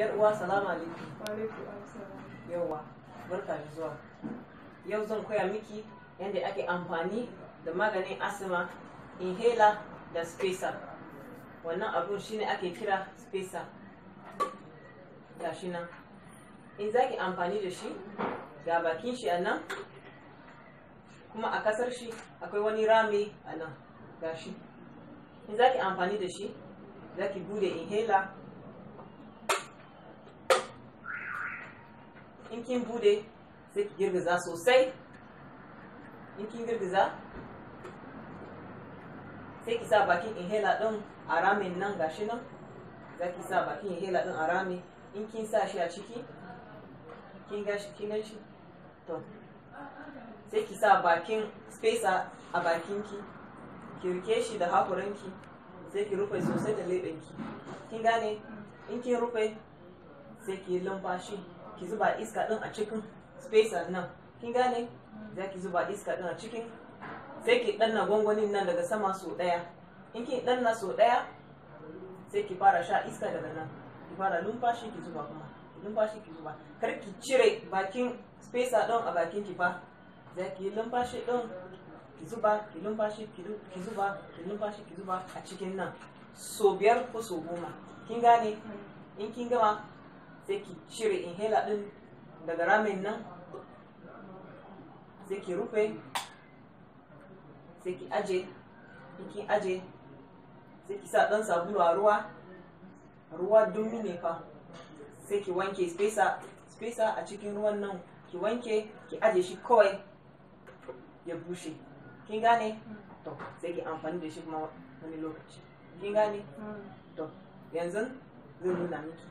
yar uwa salamu alaikum yawa barka da zuwa yau zan koya miki yadda ake amfani da maganin asma inhaler da spacer wannan abun shine ake kira spacer gashi nan in zaki amfani da shi ga bakin shi a kuma a kasar shi akwai wani rami a nan gashi in zaki amfani da shi zaki bude inhaler in kin bude sai ki girgiza sosai in kin girgiza sai ki sa bakin inhaler din a ramin nan gashi nan za ki sa bakin inhaler din a rami in kin sa shi a ciki kin gashi kin gashi to sai ki sa bakin spacer a bakinki ki rike shi da haƙuranki sai ki rufe sosai da leɓenki kin gane in kin rufe sai ki lumfashi ki zuba iska din a cikin spacer nan kin gane za ki zuba iska din a cikin sai ki danna gwangwanin nan daga sama so daya in ki danna so daya sai ki fara sha iska daga nan ki fara numfashi ki zuba kuma numfashi ki zuba kar ki cire bakin spacer din a bakin ki ba, za ki yi numfashi din ki zuba ki numfashi ki zuba ki numfashi ki zuba a cikin nan so biyar ko so goma kin gane in kin gama sai ki cire inhaler din daga ramin nan sai ki rufe sai ki aje ki aje sai ki sa dan sabulu a ruwa ruwa dumi ne fa sai ki wanke spacer spacer a cikin ruwan nan ki wanke ki aje shi kawai ya bushe kin gane to sai ki amfani da shi kuma wani lokaci kin gane mm. to yanzu zai nuna miki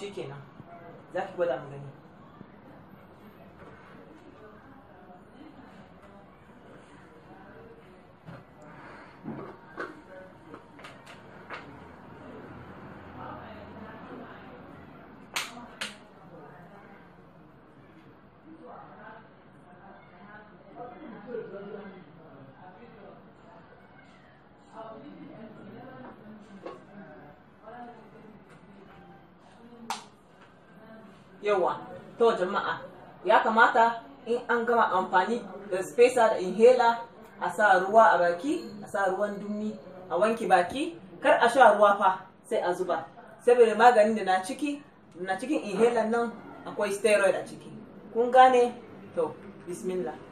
shi kenan za ki gwada mu gani Thank you. yawa to jama'a ya kamata in an gama amfani da spacer da inhaler a sa ruwa a baki a sa ruwan dumi a wanki baki kar a sha ruwa fa sai a zuba saboda maganin da na ciki na cikin inhaler nan akwai steroid a ciki kun gane to bismillah